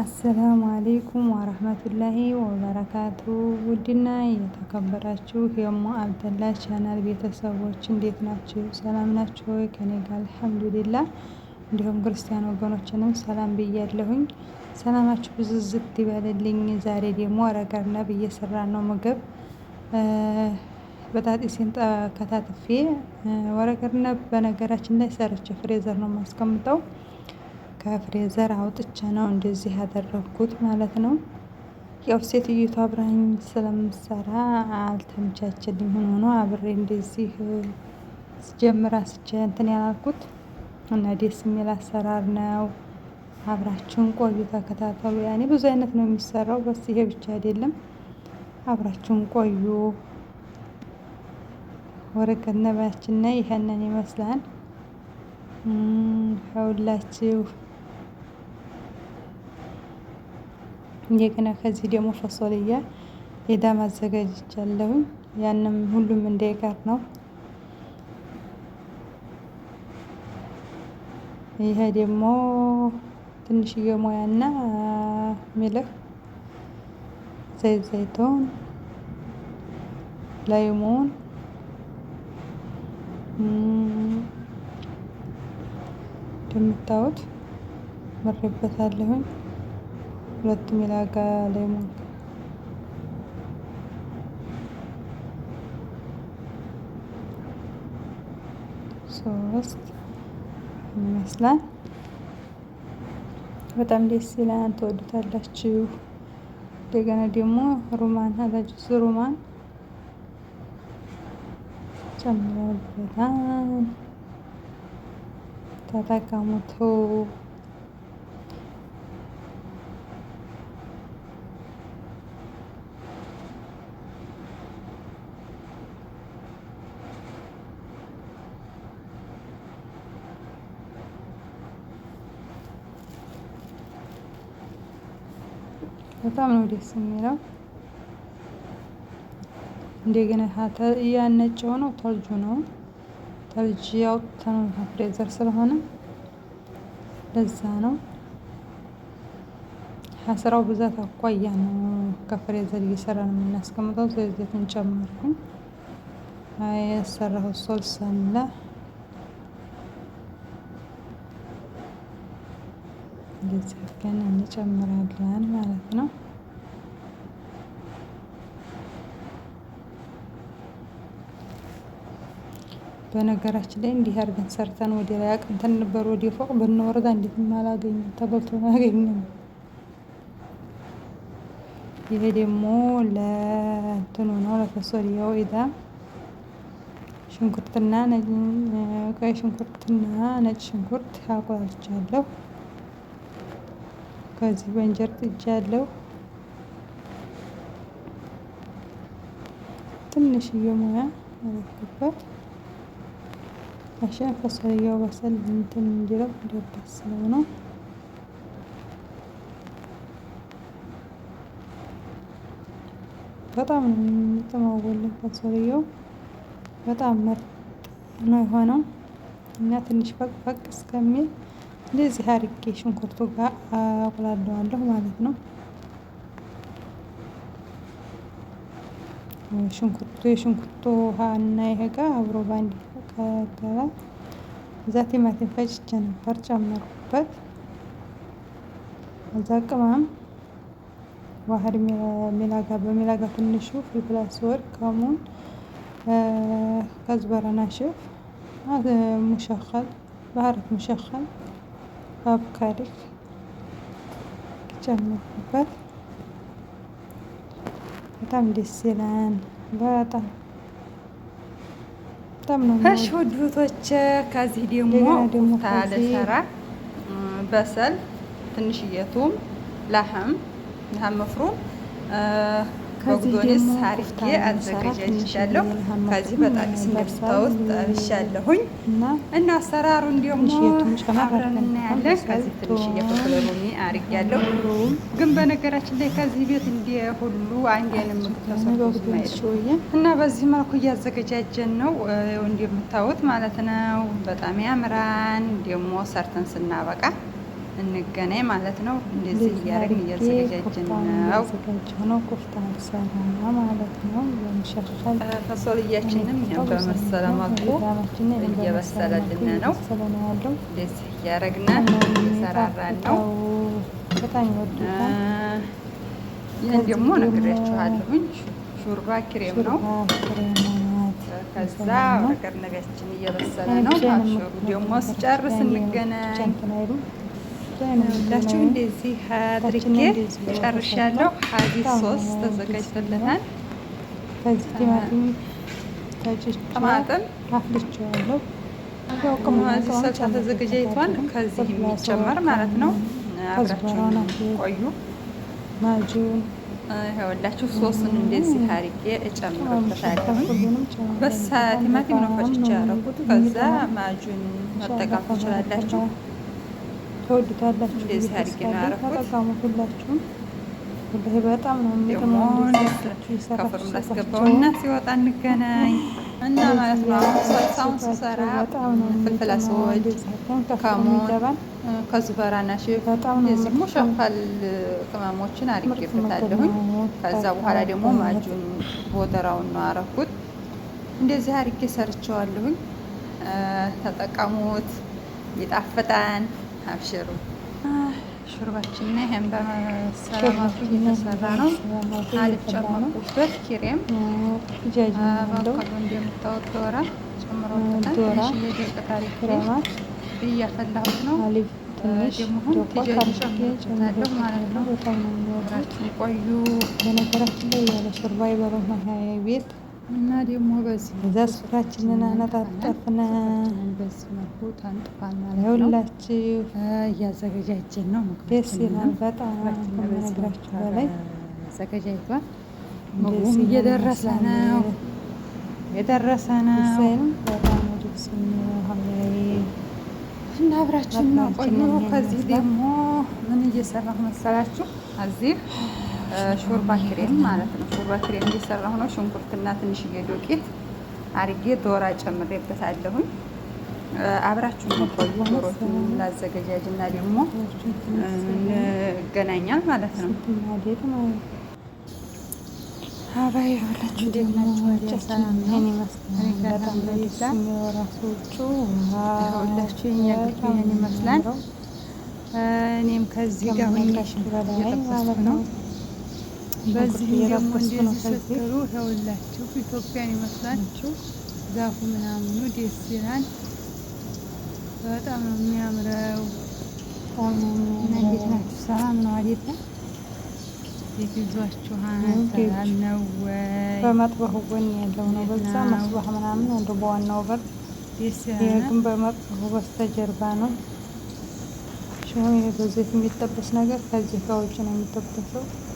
አሰላሙ አሌይኩም ወረህመቱላሂ ወበረካቱ። ውድና የተከበራችሁ የሞ አብደላ ቻናል ቤተሰቦች እንዴት ናችሁ? ሰላም ናችሁ ከኔ ጋር አልሐምዱሊላ። እንዲሁም ክርስቲያን ወገኖችንም ሰላም ብያለሁኝ። ሰላማችሁ ብዙ ዝት ይበልልኝ። ዛሬ ደግሞ ረገርነብ እየሰራ ነው ምግብ በጣጢሴን ከታትፌ ወረገርነብ በነገራችን ላይ ሰርቼ ፍሬዘር ነው የማስቀምጠው ከፍሬዘር አውጥቼ ነው እንደዚህ ያደረኩት ማለት ነው። ያው ሴትዮቱ አብራኝ ስለምሰራ አልተመቻቸልኝ ሆኖ ነው አብሬ እንደዚህ ስጀምር አስቼ እንትን ያላልኩት እና ደስ የሚል አሰራር ነው። አብራችሁን ቆዩ ተከታተሉ። ያኔ ብዙ አይነት ነው የሚሰራው፣ በስ ይሄ ብቻ አይደለም። አብራችሁን ቆዩ። ወረቀት ነባያችን ይሄንን ይመስላል። ሁላችሁ እንደገና ከዚህ ደግሞ ፈሶልያ ሄዳም አዘጋጅቻለሁኝ። ያንም ሁሉም እንዳይቀር ነው። ይሄ ደግሞ ትንሽዬ ሙያና ሚልህ ዘይት ዘይቶን፣ ላይሞን እንደምታዩት መርበታለሁኝ። ሁለቱም የላጋ ላይ ሶስት ይመስላል። በጣም ደስ ይላል። ትወዱታላችሁ። እንደገና ደግሞ ሩማን አላጅስ ሩማን ጨምረበታል። ተጠቀሙት። በጣም ነው ደስ የሚለው። እንደገና ያነጨው ነው ተልጁ ነው ተልጅ ያውጥተን ፍሬዘር ስለሆነ ለዛ ነው ከስራው ብዛት አኳያ ነው ከፍሬዘር እየሰራ ነው የምናስቀምጠው። ዘይቱን ጨመርኩኝ። የሰራሁት ሶልስ አለ እንደዚህ አድርገን እንጨምራለን ማለት ነው። በነገራችን ላይ እንዲህ አድርገን ሰርተን ወደ ላይ አቅንተን ነበር ወደ ፎቅ ብንወርዳ እንዴት አላገኘም፣ ተበልቶ አላገኘም። ይሄ ደግሞ ለእንትኑ ነው ለፈሶሪያው ኢዛ ሽንኩርትና ቀይ ሽንኩርትና ነጭ ሽንኩርት አቆላልቻለሁ። ከዚህ በእንጀር ጥጃለሁ። ትንሽዬ ሙያ አረኩበት። عشان فصلية وبصل እንትን እንዲለው እንዳባስለው ነው። በጣም ነው የሚጠማወልን ፈሰልየው በጣም ምርጥ ነው የሆነው እና ትንሽ ፈቅፈቅ እስከሚል እንደዚህ አርጌ ሽንኩርቱ ጋር አቁላለዋለሁ ማለት ነው። ሽንኩርቱ የሽንኩርቱ ውሃ እና ይሄ ጋር አብሮ ባንድ ተደረደረ። እዛ ቲማቲም ፈጭቼ ነበር ጨመርኩበት። እዛ ቅመም ዋህድ ሚላጋ በሚላጋ ትንሹ ፍልፍል አስወድ፣ ከሙን፣ ከዝበራ ናሽፍ ሙሸኸል ባህረት ሙሸኸል አብካሪ ጨመርኩበት። በጣም ደስ ይላል በጣም በጣም ነው። እሺ ውዶቶች፣ ከዚህ ደግሞ ኩፍታ ልሰራ በሰል ትንሽዬ ቱም ላህም ላህም መፍሩም መጉዶንስ አርጌ አዘጋጃጅቻለሁ። ከዚህ በጣሊስ እንደምታወት ጠብሻለሁኝ እና አሰራሩ እንዲሁም አብረን እናያለን። ከዚህ ትንሽ እየፈለሩኒ አርግ ያለው ግን በነገራችን ላይ ከዚህ ቤት እንደ ሁሉ አንድ አይነት ምግብ ማየት እና በዚህ መልኩ እያዘገጃጀን ነው ማለት ነው። በጣም ያምራን ደግሞ ሰርተን ስናበቃ እንገናኝ ማለት ነው። እንደዚህ እያደረግን እያዘገጃጀን ነው ኮፍታ ሰራ ማለት ነው። ፈሶልያችንም ይህም በመሰለ መልኩ እየበሰለልን ነው። እንደዚህ እያደረግን እየሰራራን ነው። ይህን ደግሞ ነግሬያችኋለሁኝ። ሹርባ ክሬም ነው። ከዛ ነገር ነገችን እየበሰለ ነው። ደግሞ ስጨርስ እንገናኝ። ላችሁ እንደዚህ አድርጌ ጨርሻለሁ። ሀዲስ ሶስ ተዘጋጅቶልናል። ከዚህ አፍልቼዋለሁ። እዚህ ተዘጋጅቷል። ከዚህ የሚጨመር ማለት ነው። አብራችሁን ቆዩ። ማጁን ይኸውላችሁ ሶስቱን እንደዚህ አድርጌ እጨምርበታለሁ። በሳ ቲማቲም ነው ፈጭቼ ያደረኩት። ከዛ ማጁን መጠቀም ትችላላችሁ። ተወዱታላችሁ። ተጠቀሙ ሁላችሁም። በጣም ነው የሚጥመሆንላችሁላቸውና ሲወጣ እንገናኝ እና ማለት ነው። ሰሳውን ስሰራ ፍልፍል አስወድ ከሙን ከዝበራና በጣም የዚህ ሙሸፈል ቅመሞችን አድርጌበታለሁኝ። ከዛ በኋላ ደግሞ ማጁን ወደራውን ነው አረኩት። እንደዚህ አድርጌ ሰርቸዋለሁኝ። ተጠቀሙት፣ ይጣፍጣን። አብሽሩ። ሹርባችን ይሄን በሰላማቱ እየተሰራ ነው። አልጨመቁበት ኪሬም በቀሉ እንደምታወጥ ዶራ ጨምረውበታል። እያፈላሁት ነው ማለት ነው። ቆዩ በነገራችን ላይ ያለ ሹርባ የበረሃ ቤት እና ደግሞ በዚህ ዘስፋችንን አነጣጠፍን። በዚህ መልኩ ታንጥፋል ሁላችሁ እያዘገጃጀን ነው። ደስ ይላል በጣም ከምነግራችሁ በላይ አዘገጃጅቷል። ምግቡም እየደረሰ ነው የደረሰ ነው። በጣም ደስ እና አብራችን ነው ቆዩ። ከዚህ ደግሞ ምን እየሰራሁ መሰላችሁ እዚህ ሾርባ ክሬም ማለት ነው። ሾርባ ክሬም እየሰራሁ ነው። ሽንኩርትና ትንሽዬ ዶቄት አርጌ ዶራ ጨምሬበታለሁኝ። አብራችሁ ቆዩ። ዶሮቱ ላዘገጃጅና ደግሞ እንገናኛል ማለት ነው። አባይ ሁላችሁ ይመስላል። እኔም ከዚህ ጋር ነው በዚህ ደግሞ እንደዚህ ይኸውላችሁ ኢትዮጵያን ይመስላል ዛፉ ምናምኑ ደስ ይላል። በጣም ነው የሚያምረው። እና እንዴት ናችሁ? ሰላም ነው አይደለም? ቤት ሰላም ነው ወይ? በመጥበሁ ጎን ያለው ነው። በዛ መስበህ ምናምን እንደ በዋናው በር ግን በመጥበሁ በስተጀርባ ነው። ሽሆን በዘይት የሚጠበስ ነገር ከዚህ ከውጭ ነው የሚጠበሰው።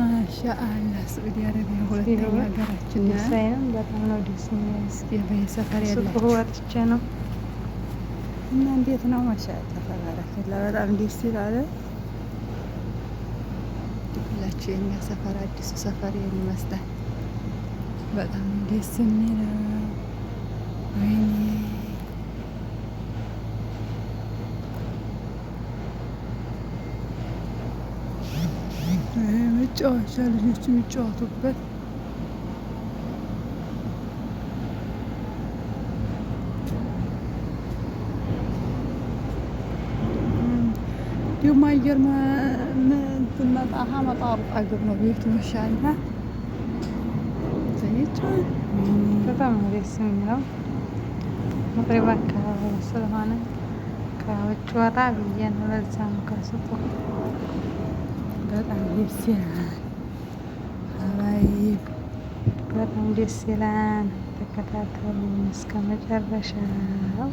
ማሻአላ ስዑዲ አረቢያ ሁለተኛ ሀገራችን ሳይንም በጣም ነው ደስ የሚል ሰፈር ያለ ወጥቼ ነው እና እንዴት ነው ማሻአላ ተባረከላ በጣም ደስ ይላል። ሁላችሁ የኛ ሰፈር አዲሱ ሰፈር ይመስላል። በጣም ደስ የሚል ወይኔ መጫወቻ ልጆች የሚጫወቱበት እንዲሁም አየር ምንትመጣ ሀመጣ ሩጣ ግብ ነው ቤቱ መሻልና በጣም ደስ የሚለው መቅሪብ አካባቢ ስለሆነ ከውጭ ወጣ ብዬ ነው። ለዛ ነው ከስጡ በጣም ደስ ይላል። አባይ በጣም ደስ ይላል። ተከታተሉ እስከ መጨረሻው።